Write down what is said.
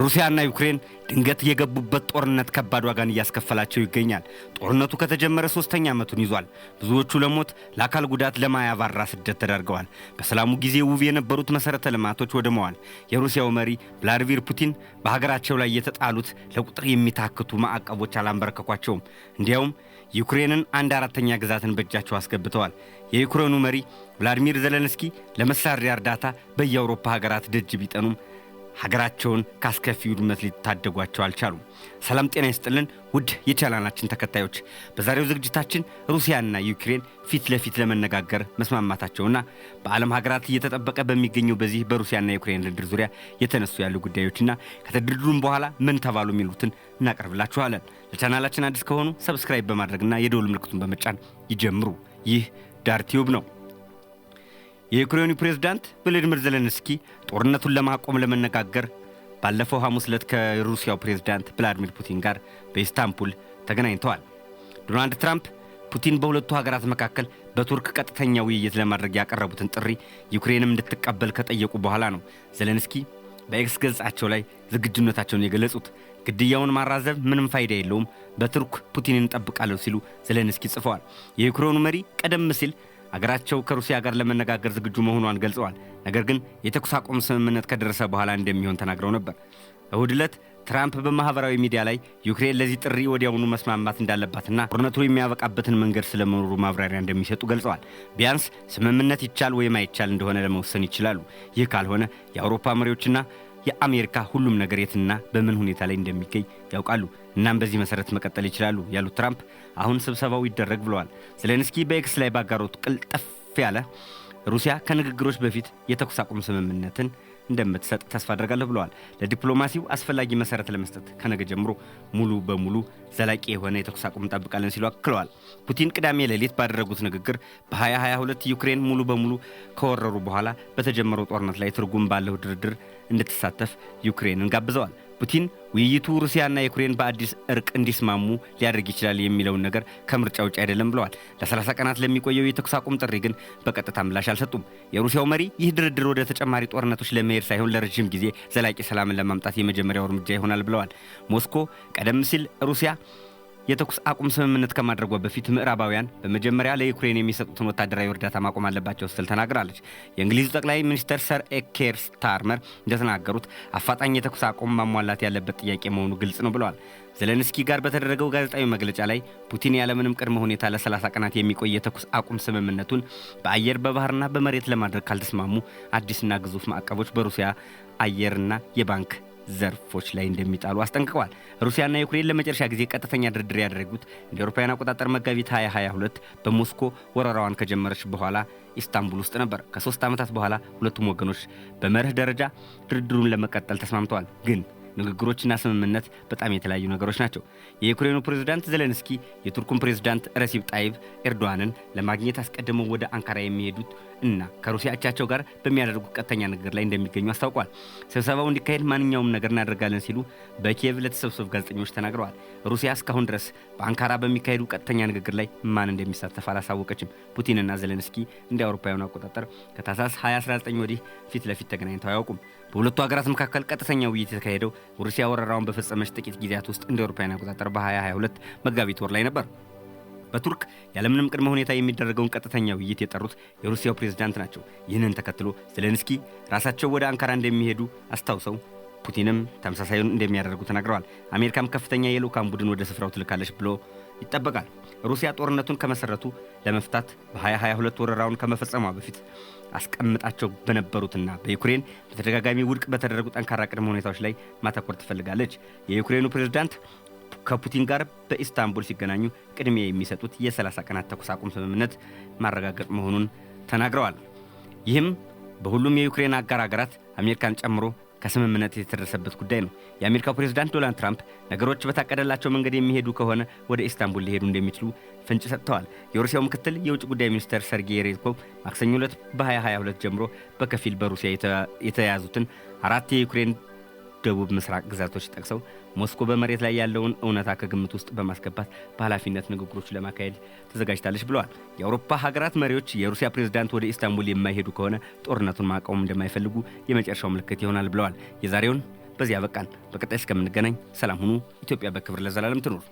ሩሲያና ዩክሬን ድንገት የገቡበት ጦርነት ከባድ ዋጋን እያስከፈላቸው ይገኛል። ጦርነቱ ከተጀመረ ሶስተኛ ዓመቱን ይዟል። ብዙዎቹ ለሞት ለአካል ጉዳት፣ ለማያባራ ስደት ተዳርገዋል። በሰላሙ ጊዜ ውብ የነበሩት መሠረተ ልማቶች ወድመዋል። የሩሲያው መሪ ቭላድሚር ፑቲን በሀገራቸው ላይ የተጣሉት ለቁጥር የሚታክቱ ማዕቀቦች አላንበረከኳቸውም። እንዲያውም ዩክሬንን አንድ አራተኛ ግዛትን በእጃቸው አስገብተዋል። የዩክሬኑ መሪ ቭላድሚር ዘለንስኪ ለመሳሪያ እርዳታ በየአውሮፓ ሀገራት ደጅ ቢጠኑም ሀገራቸውን ከአስከፊ ውድመት ሊታደጓቸው አልቻሉም። ሰላም ጤና ይስጥልን ውድ የቻናላችን ተከታዮች፣ በዛሬው ዝግጅታችን ሩሲያና ዩክሬን ፊት ለፊት ለመነጋገር መስማማታቸውና በዓለም ሀገራት እየተጠበቀ በሚገኘው በዚህ በሩሲያና ዩክሬን ድርድር ዙሪያ የተነሱ ያሉ ጉዳዮችና ከተድርድሩም በኋላ ምን ተባሉ የሚሉትን እናቀርብላችኋለን። ለቻናላችን አዲስ ከሆኑ ሰብስክራይብ በማድረግና የደውል ምልክቱን በመጫን ይጀምሩ። ይህ ዳርቲዩብ ነው። የዩክሬኑ ፕሬዝዳንት ቮሎዲሚር ዜሌንስኪ ጦርነቱን ለማቆም ለመነጋገር ባለፈው ሐሙስ ዕለት ከሩሲያው ፕሬዝዳንት ቭላዲሚር ፑቲን ጋር በኢስታንቡል ተገናኝተዋል። ዶናልድ ትራምፕ ፑቲን በሁለቱ ሀገራት መካከል በቱርክ ቀጥተኛ ውይይት ለማድረግ ያቀረቡትን ጥሪ ዩክሬንም እንድትቀበል ከጠየቁ በኋላ ነው ዜሌንስኪ በኤክስ ገጻቸው ላይ ዝግጁነታቸውን የገለጹት። ግድያውን ማራዘብ ምንም ፋይዳ የለውም፣ በቱርክ ፑቲን እንጠብቃለሁ ሲሉ ዜሌንስኪ ጽፈዋል። የዩክሬኑ መሪ ቀደም ሲል አገራቸው ከሩሲያ ጋር ለመነጋገር ዝግጁ መሆኗን ገልጸዋል። ነገር ግን የተኩስ አቁም ስምምነት ከደረሰ በኋላ እንደሚሆን ተናግረው ነበር። እሁድ ዕለት ትራምፕ በማህበራዊ ሚዲያ ላይ ዩክሬን ለዚህ ጥሪ ወዲያውኑ መስማማት እንዳለባትና ጦርነቱ የሚያበቃበትን መንገድ ስለመኖሩ ማብራሪያ እንደሚሰጡ ገልጸዋል። ቢያንስ ስምምነት ይቻል ወይም አይቻል እንደሆነ ለመወሰን ይችላሉ። ይህ ካልሆነ የአውሮፓ መሪዎችና የአሜሪካ ሁሉም ነገር የትና በምን ሁኔታ ላይ እንደሚገኝ ያውቃሉ። እናም በዚህ መሰረት መቀጠል ይችላሉ ያሉት ትራምፕ አሁን ስብሰባው ይደረግ ብለዋል። ዘሌንስኪ በኤክስ ላይ ባጋሩት ቅልጥፍ ያለ ሩሲያ ከንግግሮች በፊት የተኩስ አቁም ስምምነትን እንደምትሰጥ ተስፋ አድርጋለሁ ብለዋል። ለዲፕሎማሲው አስፈላጊ መሰረት ለመስጠት ከነገ ጀምሮ ሙሉ በሙሉ ዘላቂ የሆነ የተኩስ አቁም እንጠብቃለን ሲሉ አክለዋል። ፑቲን ቅዳሜ ሌሊት ባደረጉት ንግግር በ2022 ዩክሬን ሙሉ በሙሉ ከወረሩ በኋላ በተጀመረው ጦርነት ላይ ትርጉም ባለው ድርድር እንድትሳተፍ ዩክሬንን ጋብዘዋል። ፑቲን ውይይቱ ሩሲያና ዩክሬን በአዲስ እርቅ እንዲስማሙ ሊያደርግ ይችላል የሚለውን ነገር ከምርጫ ውጭ አይደለም ብለዋል። ለ30 ቀናት ለሚቆየው የተኩስ አቁም ጥሪ ግን በቀጥታ ምላሽ አልሰጡም። የሩሲያው መሪ ይህ ድርድር ወደ ተጨማሪ ጦርነቶች ለመሄድ ሳይሆን ለረዥም ጊዜ ዘላቂ ሰላምን ለማምጣት የመጀመሪያው እርምጃ ይሆናል ብለዋል። ሞስኮ ቀደም ሲል ሩሲያ የተኩስ አቁም ስምምነት ከማድረጓ በፊት ምዕራባውያን በመጀመሪያ ለዩክሬን የሚሰጡትን ወታደራዊ እርዳታ ማቆም አለባቸው ስትል ተናግራለች። የእንግሊዙ ጠቅላይ ሚኒስትር ሰር ኬር ስታርመር እንደተናገሩት አፋጣኝ የተኩስ አቁም ማሟላት ያለበት ጥያቄ መሆኑ ግልጽ ነው ብለዋል። ዘለንስኪ ጋር በተደረገው ጋዜጣዊ መግለጫ ላይ ፑቲን ያለምንም ቅድመ ሁኔታ ለ30 ቀናት የሚቆይ የተኩስ አቁም ስምምነቱን በአየር በባህርና በመሬት ለማድረግ ካልተስማሙ አዲስና ግዙፍ ማዕቀቦች በሩሲያ አየርና የባንክ ዘርፎች ላይ እንደሚጣሉ አስጠንቅቀዋል። ሩሲያና ዩክሬን ለመጨረሻ ጊዜ ቀጥተኛ ድርድር ያደረጉት እንደ አውሮፓውያን አቆጣጠር መጋቢት 2022 በሞስኮ ወረራዋን ከጀመረች በኋላ ኢስታንቡል ውስጥ ነበር። ከሶስት ዓመታት በኋላ ሁለቱም ወገኖች በመርህ ደረጃ ድርድሩን ለመቀጠል ተስማምተዋል ግን ንግግሮችና ስምምነት በጣም የተለያዩ ነገሮች ናቸው። የዩክሬኑ ፕሬዝዳንት ዘለንስኪ የቱርኩን ፕሬዝዳንት ረሲብ ጣይብ ኤርዶዋንን ለማግኘት አስቀድመው ወደ አንካራ የሚሄዱት እና ከሩሲያ አቻቸው ጋር በሚያደርጉት ቀጥተኛ ንግግር ላይ እንደሚገኙ አስታውቋል። ስብሰባው እንዲካሄድ ማንኛውም ነገር እናደርጋለን ሲሉ በኪየቭ ለተሰብሰቡ ጋዜጠኞች ተናግረዋል። ሩሲያ እስካሁን ድረስ በአንካራ በሚካሄዱ ቀጥተኛ ንግግር ላይ ማን እንደሚሳተፍ አላሳወቀችም። ፑቲንና ዘለንስኪ እንደ አውሮፓውያኑ አቆጣጠር ከታህሳስ 2019 ወዲህ ፊት ለፊት ተገናኝተው አያውቁም። በሁለቱ ሀገራት መካከል ቀጥተኛ ውይይት የተካሄደው ሩሲያ ወረራውን በፈጸመች ጥቂት ጊዜያት ውስጥ እንደ አውሮፓውያን አቆጣጠር በ2022 መጋቢት ወር ላይ ነበር። በቱርክ ያለምንም ቅድመ ሁኔታ የሚደረገውን ቀጥተኛ ውይይት የጠሩት የሩሲያው ፕሬዝዳንት ናቸው። ይህንን ተከትሎ ዜሌንስኪ ራሳቸው ወደ አንካራ እንደሚሄዱ አስታውሰው ፑቲንም ተመሳሳዩን እንደሚያደርጉ ተናግረዋል። አሜሪካም ከፍተኛ የልዑካን ቡድን ወደ ስፍራው ትልካለች ብሎ ይጠበቃል። ሩሲያ ጦርነቱን ከመሰረቱ ለመፍታት በ2022 ወረራውን ከመፈጸሟ በፊት አስቀምጣቸው በነበሩትና በዩክሬን በተደጋጋሚ ውድቅ በተደረጉ ጠንካራ ቅድመ ሁኔታዎች ላይ ማተኮር ትፈልጋለች። የዩክሬኑ ፕሬዝዳንት ከፑቲን ጋር በኢስታንቡል ሲገናኙ ቅድሚያ የሚሰጡት የ30 ቀናት ተኩስ አቁም ስምምነት ማረጋገጥ መሆኑን ተናግረዋል። ይህም በሁሉም የዩክሬን አጋር ሀገራት አሜሪካን ጨምሮ ከስምምነት የተደረሰበት ጉዳይ ነው። የአሜሪካው ፕሬዝዳንት ዶናልድ ትራምፕ ነገሮች በታቀደላቸው መንገድ የሚሄዱ ከሆነ ወደ ኢስታንቡል ሊሄዱ እንደሚችሉ ፍንጭ ሰጥተዋል። የሩሲያው ምክትል የውጭ ጉዳይ ሚኒስትር ሰርጌይ ሬዝኮቭ ማክሰኞ ዕለት በ2022 ጀምሮ በከፊል በሩሲያ የተያዙትን አራት የዩክሬን ደቡብ ምስራቅ ግዛቶች ጠቅሰው ሞስኮ በመሬት ላይ ያለውን እውነታ ከግምት ውስጥ በማስገባት በኃላፊነት ንግግሮች ለማካሄድ ተዘጋጅታለች ብለዋል። የአውሮፓ ሀገራት መሪዎች የሩሲያ ፕሬዝዳንት ወደ ኢስታንቡል የማይሄዱ ከሆነ ጦርነቱን ማቆም እንደማይፈልጉ የመጨረሻው ምልክት ይሆናል ብለዋል። የዛሬውን በዚያ አበቃን። በቀጣይ እስከምንገናኝ ሰላም ሁኑ። ኢትዮጵያ በክብር ለዘላለም ትኑር።